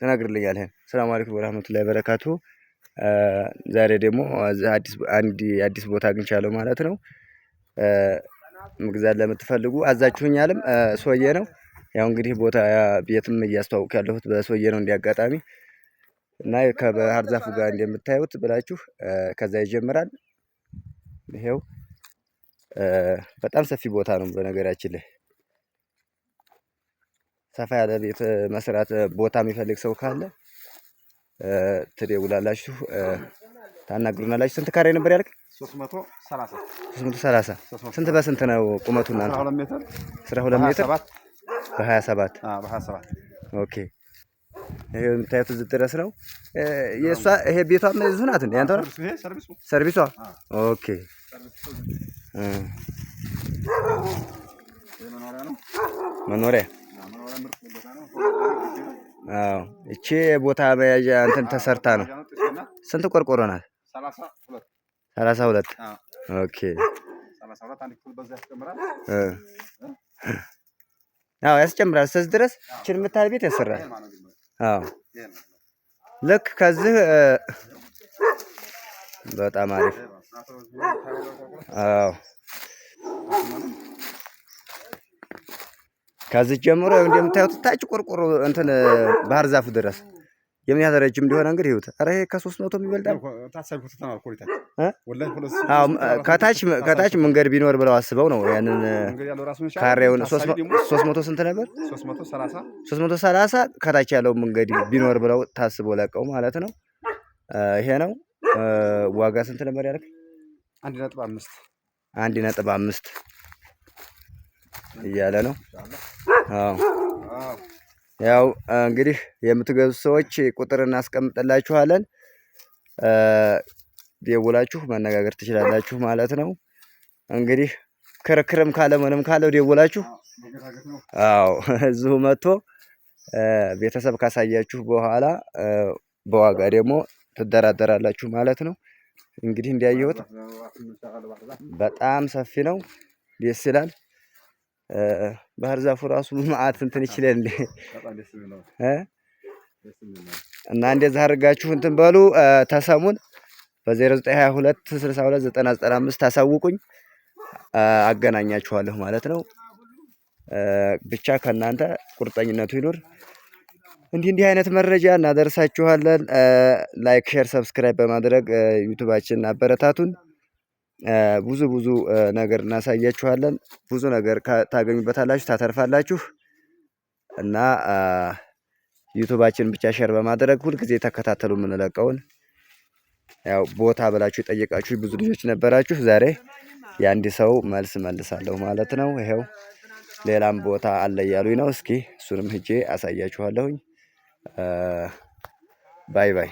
ተናግርልኛለህን ሰላም አለይኩም ወራህመቱላሂ በረካቱ። ዛሬ ደግሞ አንድ አዲስ ቦታ አግኝቻለሁ ማለት ነው። መግዛት ለምትፈልጉ አዛችሁኛልም ሶዬ ነው። ያው እንግዲህ ቦታ ቤትም እያስተዋውቅ ያለሁት በሶዬ ነው እንዲያጋጣሚ እና ከባህር ዛፉ ጋር እንደምታዩት ብላችሁ ከዛ ይጀምራል። ይሄው በጣም ሰፊ ቦታ ነው በነገራችን ላይ ሰፋ ያለ ቤት መስራት ቦታ የሚፈልግ ሰው ካለ ትደውላላችሁ፣ ታናግሩናላችሁ። ስንት ካሬ ነበር ያልክ? 330 ስንት በስንት ነው ቁመቱ? እናንተ አስራ ሜትር በሀያ ኦኬ። ይሄ የምታዩት እዚህ ድረስ ነው የእሷ። ይሄ ቤቷ እዚሁ ናት እንዴ? ያንተ ነው ሰርቪሷ? ኦኬ መኖሪያ አዎ እቺ ቦታ መያዣ እንትን ተሰርታ ነው። ስንት ቆርቆሮ ናት? ሰላሳ ሁለት ኦኬ። አዎ ያስጨምራል። እስከዚህ ድረስ እችን የምታል ቤት ያሰራል። አዎ ልክ ከዚህ በጣም አሪፍ አዎ ከዚህ ጀምሮ እንደምታዩት ታች ቆርቆሮ እንትን ባህር ዛፉ ድረስ የምን ያህል ረጅም እንደሆነ እንግዲህ ይሁት። አረ ይሄ ከሶስት መቶ የሚበልጣል። ከታች መንገድ ቢኖር ብለው አስበው ነው ያንን ካሬውን ሶስት መቶ ስንት ነበር? ሶስት መቶ ሰላሳ ከታች ያለው መንገድ ቢኖር ብለው ታስቦ ለቀው ማለት ነው። ይሄ ነው ዋጋ ስንት ነበር ያልክ? አንድ ነጥብ አምስት አንድ ነጥብ አምስት እያለ ነው። አዎ ያው እንግዲህ የምትገዙ ሰዎች ቁጥር እናስቀምጥላችኋለን። ደውላችሁ መነጋገር ትችላላችሁ ማለት ነው። እንግዲህ ክርክርም ካለ ምንም ካለው ደውላችሁ አዎ እዚሁ መጥቶ ቤተሰብ ካሳያችሁ በኋላ በዋጋ ደግሞ ትደራደራላችሁ ማለት ነው። እንግዲህ እንዲያየሁት በጣም ሰፊ ነው፣ ደስ ይላል። ባህር ዛፉ ራሱ መዓት እንትን ይችላል እና እንደዛ አድርጋችሁ እንትን በሉ ተሰሙን። በ0922629095 ታሳውቁኝ፣ አገናኛችኋለሁ ማለት ነው። ብቻ ከእናንተ ቁርጠኝነቱ ይኑር። እንዲህ እንዲህ አይነት መረጃ እናደርሳችኋለን። ላይክ፣ ሼር፣ ሰብስክራይብ በማድረግ ዩቱባችን አበረታቱን። ብዙ ብዙ ነገር እናሳያችኋለን። ብዙ ነገር ታገኙበታላችሁ፣ ታተርፋላችሁ እና ዩቱባችን ብቻ ሸር በማድረግ ሁልጊዜ ተከታተሉ የምንለቀውን። ያው ቦታ ብላችሁ የጠየቃችሁ ብዙ ልጆች ነበራችሁ። ዛሬ የአንድ ሰው መልስ መልሳለሁ ማለት ነው። ይኸው ሌላም ቦታ አለ እያሉኝ ነው። እስኪ እሱንም ህጄ አሳያችኋለሁኝ። ባይ ባይ።